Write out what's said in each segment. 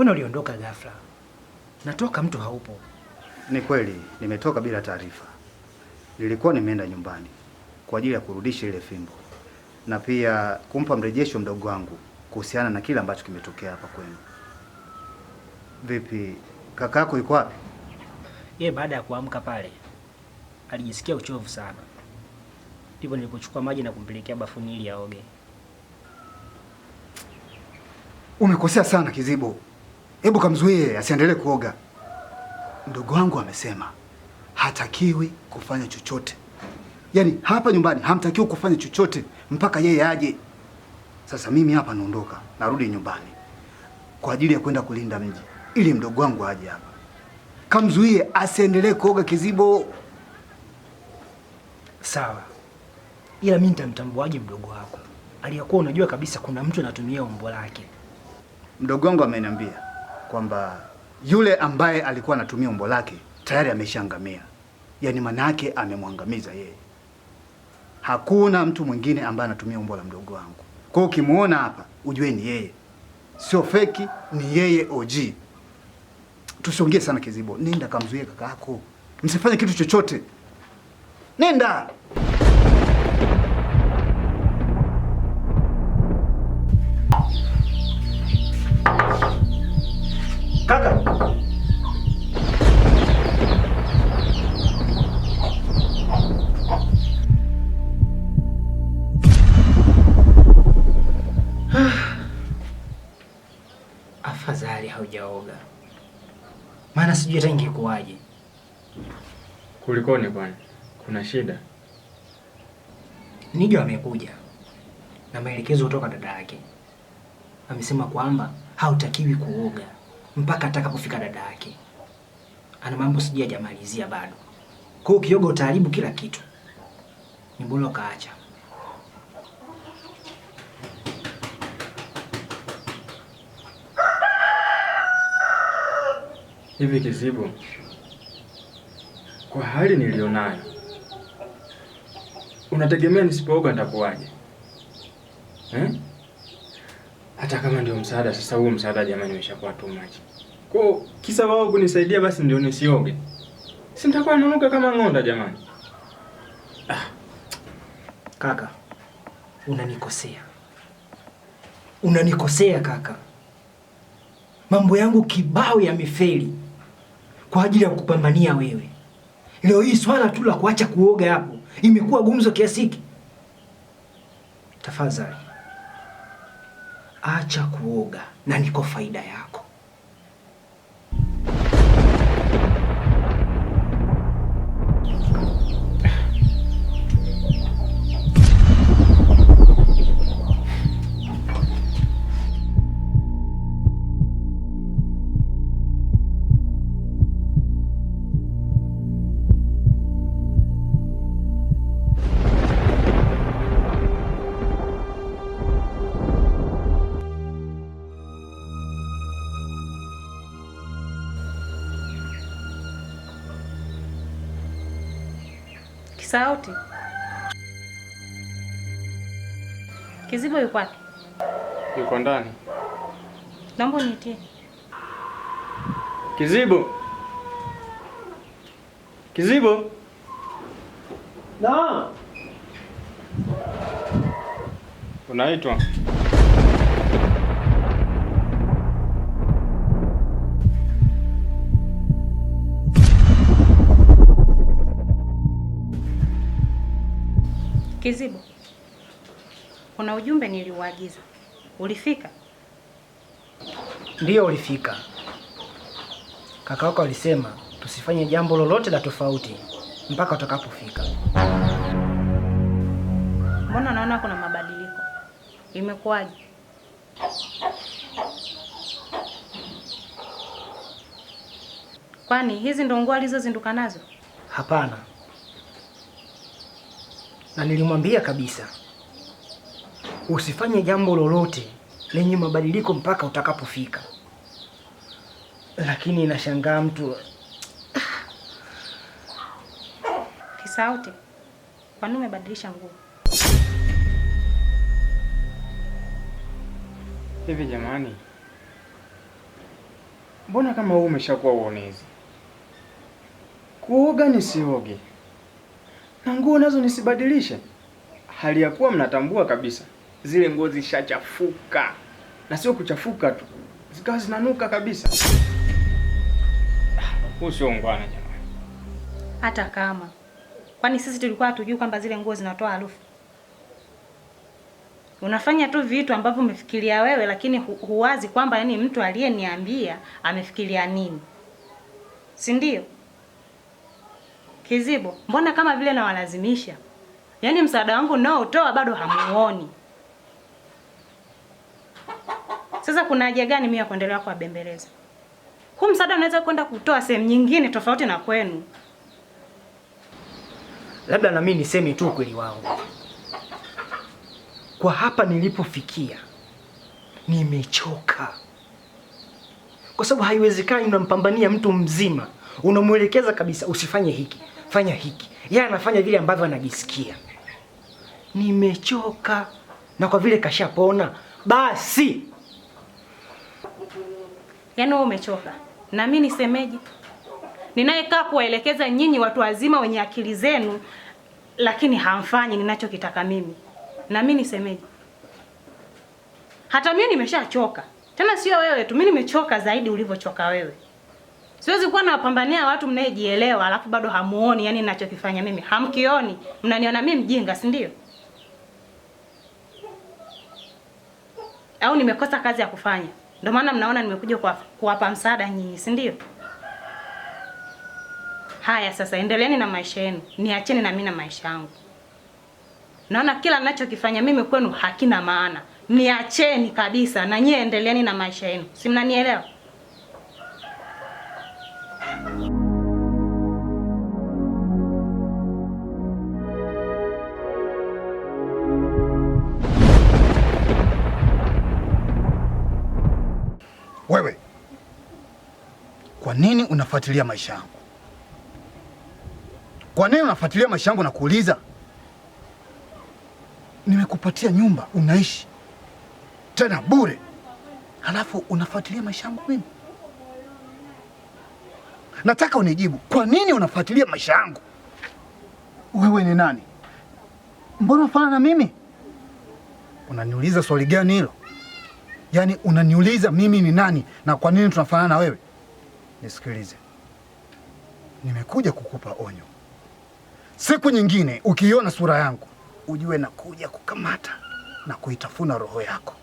Mbona uliondoka ghafla? Natoka mtu haupo. Ni kweli nimetoka bila taarifa. Nilikuwa nimeenda nyumbani kwa ajili ya kurudisha ile fimbo na pia kumpa mrejesho mdogo wangu kuhusiana na kile ambacho kimetokea hapa kwenu. Vipi, kakako yuko wapi? Yeye baada ya kuamka pale alijisikia uchovu sana, ndipo nilipochukua maji na kumpelekea bafuni ili aoge. Umekosea sana Kizibo. Hebu kamzuie asiendelee kuoga. Ndugu wangu amesema hatakiwi kufanya chochote, yaani hapa nyumbani hamtakiwi kufanya chochote mpaka yeye aje. Sasa mimi hapa naondoka, narudi nyumbani kwa ajili ya kwenda kulinda mji ili mdogo wangu aje hapa. Kamzuie asiendelee kuoga kizibo. Sawa, ila mimi nitamtambuaje mdogo wako aliyakuwa unajua kabisa kuna mtu anatumia umbo lake? Mdogo wangu ameniambia kwamba yule ambaye alikuwa anatumia umbo lake tayari ameshaangamia, yaani yake amemwangamiza yeye. Hakuna mtu mwingine ambaye anatumia umbo la mdogo wangu. Kwa hiyo ukimwona hapa ujue ni yeye, sio feki, ni yeye OG. Tusiongee sana Kizibo, nenda kamzuie kaka yako, msifanye kitu chochote, nenda. sijui hata ingekuwaje. Kulikoni kwani? Kuna shida? Nijo amekuja na maelekezo kutoka dada yake, amesema kwamba hautakiwi kuoga mpaka atakapofika dada yake. Ana mambo sijui hajamalizia bado, kwa hiyo ukioga utaharibu kila kitu, ni bora ukaacha. Hivi kizibu kwa hali nilionayo, unategemea nisipooga nitakuwaje eh? Hata kama ndio msaada, sasa huo msaada jamani, umeshakuwa too much. Kwa kisa wao kunisaidia, basi ndio nisioge, si nitakuwa nanuka kama ng'onda jamani. Ah, kaka, unanikosea, unanikosea kaka, mambo yangu kibao yamefeli kwa ajili ya kukupambania wewe. Leo hii swala tu la kuacha kuoga hapo imekuwa gumzo kiasi hiki. Tafadhali acha kuoga na niko faida yako. sauti. Kizibo yuko wapi? Yuko ndani. Naomba unitie. Kizibo. Kizibo. Na. Unaitwa? Kizibo, kuna ujumbe niliuagiza, ulifika? Ndiyo, ulifika. Kaka wako alisema tusifanye jambo lolote la tofauti mpaka utakapofika. Mbona naona kuna mabadiliko, imekuwaje? Kwani hizi ndo nguo alizozinduka nazo? Hapana na nilimwambia kabisa usifanye jambo lolote lenye mabadiliko mpaka utakapofika. Lakini inashangaa mtu Kisaute, kwani umebadilisha nguo hivi? Jamani, mbona kama huu umeshakuwa uonezi? Kuoga nisioge na nguo nazo nisibadilishe, hali ya kuwa mnatambua kabisa zile nguo zishachafuka, na sio kuchafuka tu, zikawa zinanuka kabisa. Huu sio ungwana jamani. Hata kama kwani sisi tulikuwa hatujui kwamba zile nguo zinatoa harufu? Unafanya tu vitu ambavyo umefikiria wewe, lakini hu huwazi kwamba yani mtu aliyeniambia amefikiria nini, si ndio? Kizibo, mbona kama vile nawalazimisha? Yaani msaada wangu naotoa bado hamuoni. Sasa kuna haja gani mimi ya kuendelea kuwabembeleza? Huu msaada unaweza kwenda kutoa sehemu nyingine tofauti na kwenu. Labda na mimi niseme tu ukweli wangu, kwa hapa nilipofikia nimechoka, kwa sababu haiwezekani unampambania mtu mzima, unamwelekeza kabisa usifanye hiki, fanya hiki, yeye anafanya vile ambavyo anajisikia. Nimechoka, na kwa vile kashapona basi. Yaani wewe umechoka, na mimi nisemeje? Ninayekaa kuwaelekeza nyinyi watu wazima wenye akili zenu, lakini hamfanyi ninachokitaka mimi, na mimi nisemeje? Hata mimi nimeshachoka, tena sio wewe tu, mimi nimechoka zaidi ulivyochoka wewe. Siwezi kuwa nawapambania watu mnayejielewa alafu bado hamuoni yani ninachokifanya mimi. Hamkioni. Mnaniona mimi mjinga, si ndio? Au nimekosa kazi ya kufanya. Ndio maana mnaona nimekuja kuwapa msaada nyinyi, si ndio? Haya sasa endeleeni na maisha yenu. Niacheni na mimi na maisha yangu. Naona kila ninachokifanya mimi kwenu hakina maana. Niacheni kabisa na nyie endeleeni na maisha yenu. Si mnanielewa? Kwa nini unafuatilia maisha yangu? Kwa nini unafuatilia maisha yangu na kuuliza? Nimekupatia nyumba unaishi tena bure, halafu unafuatilia maisha yangu mimi? Nataka unijibu, kwa nini unafuatilia maisha yangu? Wewe ni nani? Mbona unafana na mimi? Unaniuliza swali gani hilo? Yaani unaniuliza mimi ni nani na kwa nini tunafanana na wewe? Nisikilize, nimekuja kukupa onyo. Siku nyingine ukiiona sura yangu ujue nakuja kukamata na kuitafuna roho yako,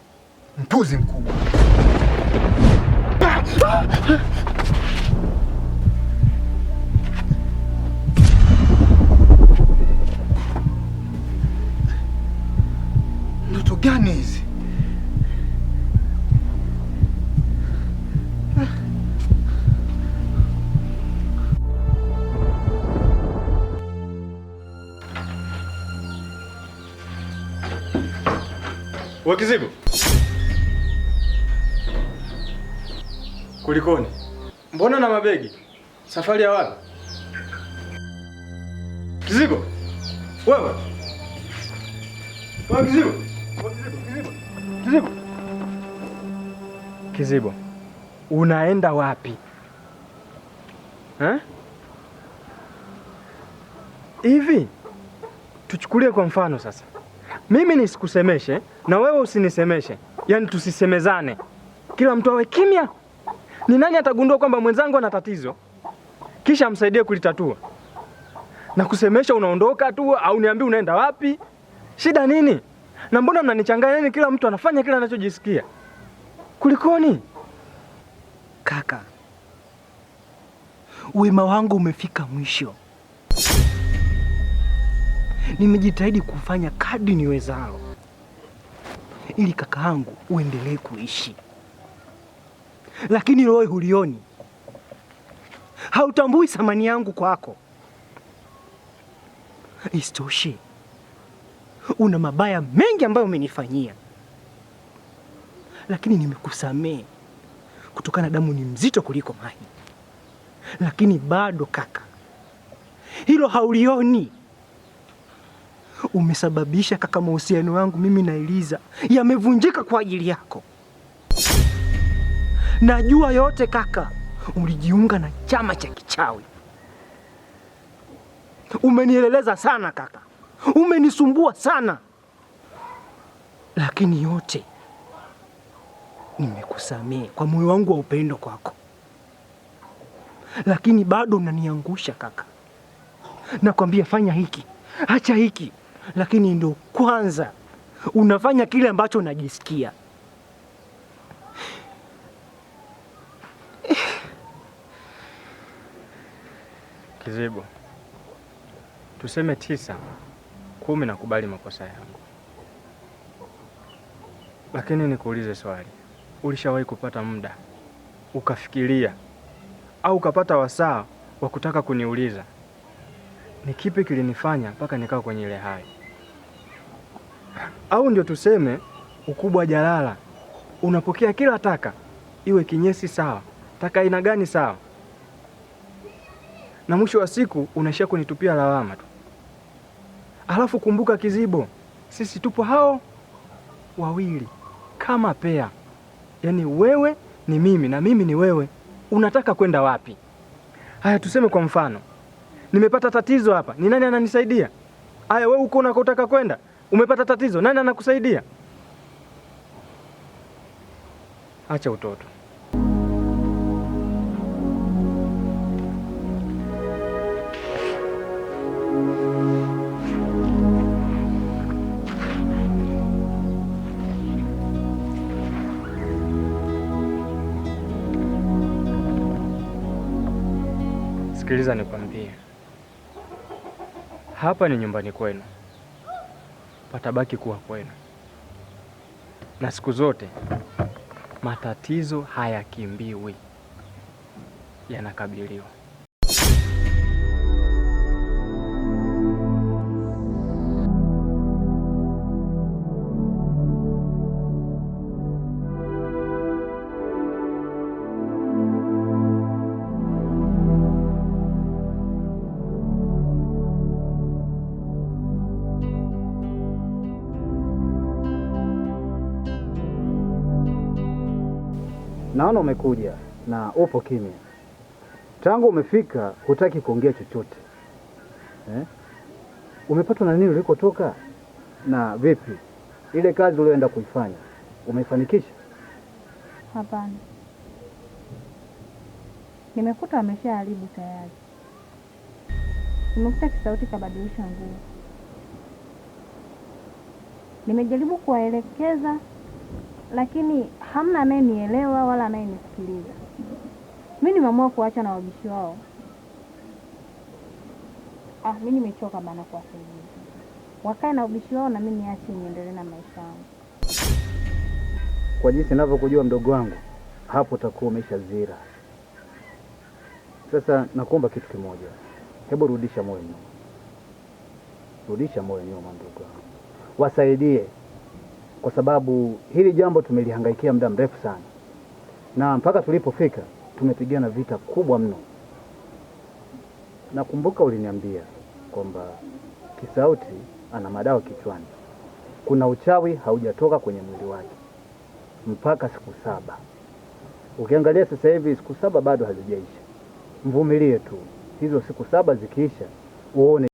mpuzi mkubwa. Wakizibu, kulikoni? Mbona na mabegi? Safari ya wapi? Kizibu wewe, Kizibu, Kizibu, Kizibu, Kizibu, unaenda wapi eh? Hivi tuchukulie kwa mfano sasa, mimi nisikusemeshe na wewe usinisemeshe, yaani tusisemezane, kila mtu awe kimya. Ni nani atagundua kwamba mwenzangu ana tatizo kisha amsaidie kulitatua? Na kusemesha unaondoka tu au niambi unaenda wapi? Shida nini? Na mbona mnanichanganya? kila mtu anafanya kila anachojisikia, kulikoni? Kaka, wema wangu umefika mwisho. Nimejitahidi kufanya kadri niwezalo ili kaka yangu uendelee kuishi, lakini wewe hulioni, hautambui thamani yangu kwako. Isitoshe, una mabaya mengi ambayo umenifanyia, lakini nimekusamehe kutokana damu ni mzito kuliko maji, lakini bado kaka, hilo haulioni umesababisha kaka, mahusiano wangu mimi na Eliza yamevunjika kwa ajili yako. Najua yote kaka, ulijiunga na chama cha kichawi. Umenieleleza sana kaka, umenisumbua sana, lakini yote nimekusamehe kwa moyo wangu wa upendo kwako, lakini bado unaniangusha kaka. Nakwambia fanya hiki, acha hiki lakini ndo kwanza unafanya kile ambacho unajisikia. Kizibu, tuseme tisa kumi, nakubali makosa yangu, lakini nikuulize swali, ulishawahi kupata muda ukafikiria au ukapata wasaa wa kutaka kuniuliza ni kipi kilinifanya mpaka nikawa kwenye ile hali? au ndio tuseme ukubwa jalala. Unapokea kila taka, iwe kinyesi sawa, taka aina gani sawa, na mwisho wa siku unaishia kunitupia lawama tu. Alafu kumbuka, Kizibo, sisi tupo hao wawili kama pea, yaani wewe ni mimi na mimi ni wewe. Unataka kwenda wapi? Haya, tuseme kwa mfano nimepata tatizo hapa, ni nani ananisaidia? Haya, wewe uko unakotaka kwenda Umepata tatizo? Nani anakusaidia? Acha utoto. Sikiliza nikwambie, hapa ni nyumbani kwenu patabaki kuwa kwenu, na siku zote matatizo hayakimbiwi, yanakabiliwa. Naona umekuja na upo kimya. Tangu umefika hutaki kuongea chochote eh? Umepatwa na nini ulikotoka? Na vipi ile kazi ulioenda kuifanya umeifanikisha? Hapana, nimekuta ameshaharibu tayari. Nimekuta kisauti kabadilisha nguo. Nimejaribu kuwaelekeza lakini hamna anayenielewa wala anayenisikiliza. Mi nimeamua kuacha na wabishi wao. Ah, mi nimechoka bana kuwasaidia, wakae na ubishi wao na mi niache niendelee na maisha yangu. Kwa jinsi ninavyokujua mdogo wangu, hapo utakuwa umeisha zira. Sasa nakuomba kitu kimoja, hebu rudisha moyo nyuma, rudisha moyo nyuma, mdogo wangu, wasaidie kwa sababu hili jambo tumelihangaikia muda mrefu sana, na mpaka tulipofika tumepigana vita kubwa mno. Nakumbuka uliniambia kwamba Kisauti ana madawa kichwani, kuna uchawi haujatoka kwenye mwili wake mpaka siku saba. Ukiangalia sasa hivi siku saba bado hazijaisha. Mvumilie tu, hizo siku saba zikiisha uone